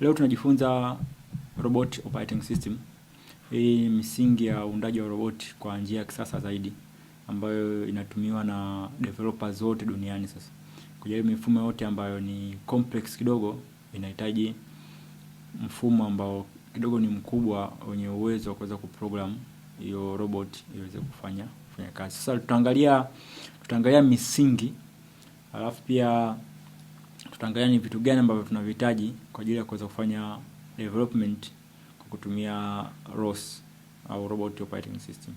Leo tunajifunza robot operating system. Hii misingi ya uundaji wa robot kwa njia ya kisasa zaidi ambayo inatumiwa na developers zote duniani sasa. Kujaribu mifumo yote ambayo ni complex kidogo inahitaji mfumo ambao kidogo ni mkubwa wenye uwezo wa kuweza kuprogram hiyo robot iweze kufanya kufanya kazi. Sasa tutaangalia tutaangalia misingi alafu pia tutaangalia ni vitu gani ambavyo tunavihitaji kwa ajili ya kuweza kufanya development kwa kutumia ROS au robot operating system.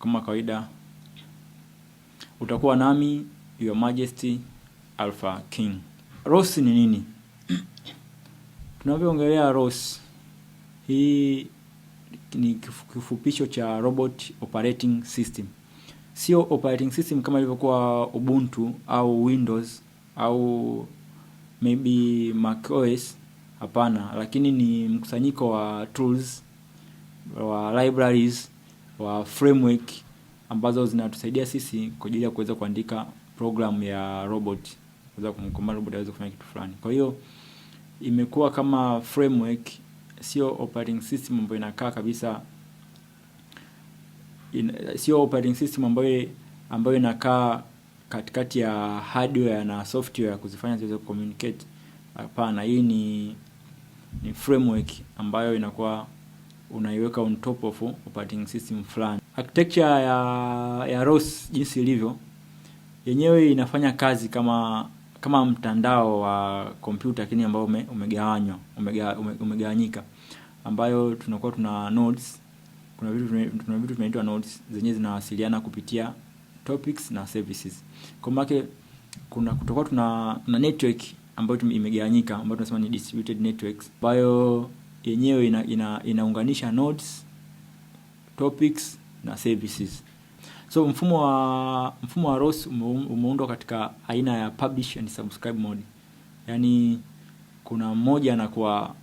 Kama kawaida, utakuwa nami Your Majesty Alpha King. ROS ni nini? Tunavyoongelea ROS, hii ni kifupisho cha robot operating system, sio operating system kama ilivyokuwa Ubuntu au Windows au maybe macOS, hapana, lakini ni mkusanyiko wa tools, wa libraries, wa framework ambazo zinatusaidia sisi kwa ajili ya kuweza kuandika program ya robot, kuweza kumkomba robot aweze kufanya kitu fulani. Kwa hiyo imekuwa kama framework, sio operating system ambayo inakaa kabisa in, sio operating system ambayo ambayo inakaa katikati ya hardware na software kuzifanya ziweze communicate Hapana, hii ni ni framework ambayo inakuwa unaiweka on top of operating system fulani. Architecture ya ya ROS jinsi ilivyo yenyewe inafanya kazi kama kama mtandao wa kompyuta lakini ambao ume, umegawanywa umega, ume, ambayo tunakuwa tuna nodes, kuna vitu tuna vitu tunaitwa nodes zenyewe zinawasiliana kupitia topics na services. Kwa maana kuna kutakuwa tuna, na network ambayo imegawanyika ambayo tunasema ni distributed networks ambayo yenyewe ina, ina, inaunganisha nodes, topics na services. So mfumo wa mfumo wa ROS umeundwa katika aina ya publish and subscribe mode. Yaani kuna mmoja anakuwa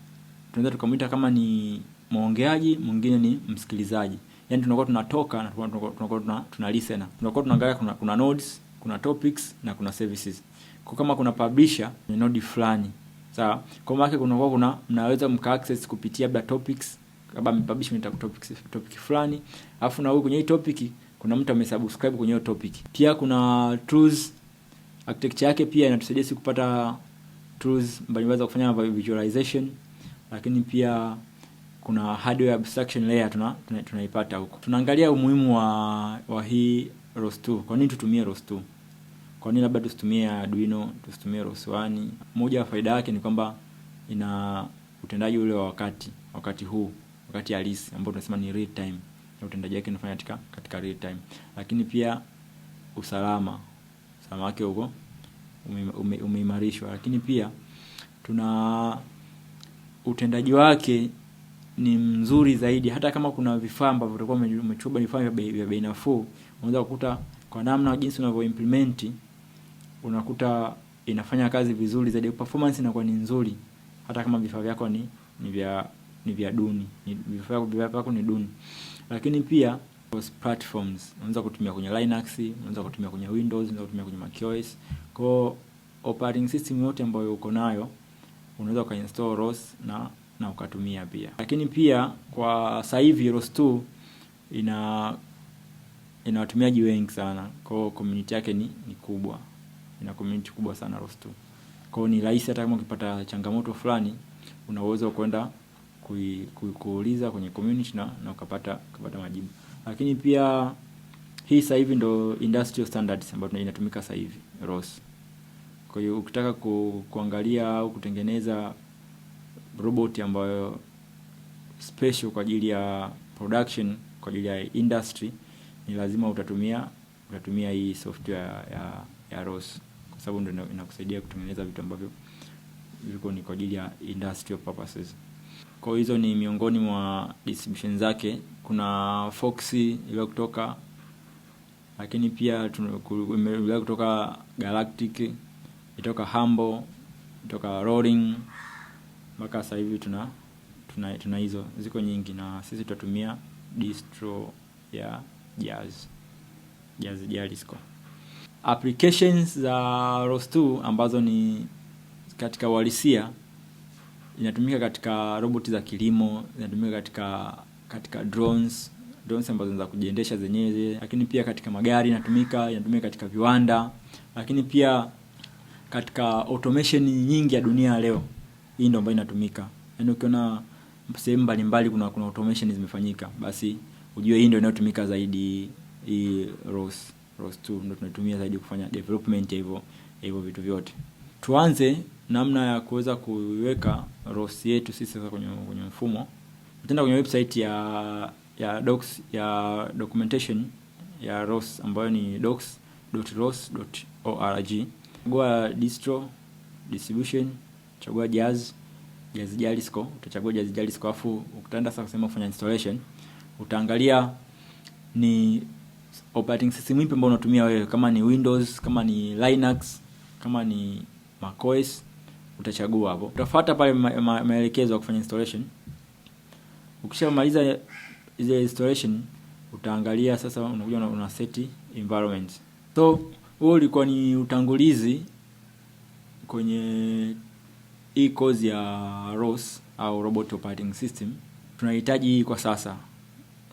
tunaweza tukamwita kama ni mwongeaji, mwingine ni msikilizaji yani tunakuwa tunatoka na tunakuwa tuna listener, tunakuwa tunaangalia kuna kuna nodes, kuna topics na kuna services. Kwa kama kuna publisher ni node fulani, sawa. Kwa maana yake kunakuwa kuna mnaweza mka access kupitia labda topics, labda mpublish mta topics topic fulani, afu na huko kwenye hii topic kuna mtu amesubscribe kwenye hiyo topic. Pia kuna tools architecture yake pia inatusaidia sisi kupata tools mbalimbali za kufanya visualization, lakini pia kuna hardware abstraction layer tuna, tunaipata tuna, huko. Tunaangalia umuhimu wa, wa hii ROS2. Kwa nini tutumie ROS2? Kwa nini labda tusitumie Arduino, tusitumie ROS1? Moja ya faida yake ni kwamba ina utendaji ule wa wakati, wakati huu, wakati halisi ambao tunasema ni real time. Na utendaji wake unafanya katika katika real time. Lakini pia usalama, usalama wake huko umeimarishwa ume, ume, lakini pia tuna utendaji wake ni mzuri zaidi, hata kama kuna vifaa ambavyo utakuwa umechukua vifaa vya bei be nafuu, unaweza kukuta kwa namna jinsi unavyoimplement unakuta inafanya kazi vizuri zaidi, performance inakuwa ni nzuri, hata kama vifaa vyako ni ni vya ni vya duni, vifaa vyako vyako ni duni. Lakini pia cross platforms, unaweza kutumia kwenye Linux, unaweza kutumia kwenye Windows, unaweza kutumia kwenye macOS. Kwa operating system yote ambayo uko nayo unaweza kuinstall ROS na na ukatumia pia. Lakini pia kwa sasa hivi Heroes 2 ina ina watumiaji wengi sana, kwa hiyo community yake ni, ni kubwa, ina community kubwa sana Heroes 2. Kwa hiyo ni rahisi, hata kama ukipata changamoto fulani una uwezo wa kwenda kuuliza kwenye community na, na ukapata ukapata majibu. Lakini pia hii sasa hivi ndo industrial standards ambayo inatumika sasa hivi Heroes. Kwa hiyo ukitaka ku, kuangalia au kutengeneza robot ambayo special kwa ajili ya production, kwa ajili ya industry, ni lazima utatumia utatumia hii software ya, ya ROS kwa sababu ndio inakusaidia kutengeneza vitu ambavyo viko ni kwa ajili ya industrial purposes. Kwa hizo ni miongoni mwa distribution zake, kuna Fox ile kutoka lakini pia imekuja kutoka Galactic, itoka Humble, itoka Rolling mpaka sasa hivi tuna tuna tuna hizo ziko nyingi, na sisi tutatumia distro ya Jazz Jazz Jalisco. Applications za ROS2 ambazo ni katika uhalisia inatumika katika roboti za kilimo, inatumika katika katika drones drones ambazo za kujiendesha zenyewe, lakini pia katika magari inatumika, inatumika katika viwanda, lakini pia katika automation nyingi ya dunia leo hii ndio ambayo inatumika. Yaani ukiona sehemu mbalimbali kuna kuna automation zimefanyika, basi ujue hii ndio inayotumika zaidi. Hii ROS ROS 2 ndio tunatumia zaidi kufanya development ya hivyo hivyo vitu vyote. Tuanze namna ya kuweza kuiweka ROS yetu sisi sasa kwenye kwenye mfumo. Tutaenda kwenye website ya ya docs ya documentation ya ROS ambayo ni docs.ros.org. Goa distro distribution chagua jazz jazz Jalisco, utachagua jazz Jalisco, afu utaenda sasa kusema kufanya installation, utaangalia ni operating system ipi ambayo unatumia wewe, kama ni Windows, kama ni Linux, kama ni macOS, utachagua hapo, utafuata pale maelekezo ma ma ma ya kufanya installation. Ukishamaliza ile installation, utaangalia sasa, unakuja una, una set environment. So huo ulikuwa ni utangulizi kwenye hii course ya ROS au robot operating system tunahitaji kwa sasa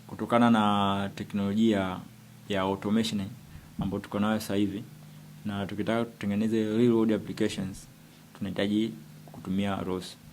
kutokana na teknolojia ya automation ambayo tuko nayo sasa hivi, na tukitaka tutengeneze real world applications tunahitaji kutumia ROS.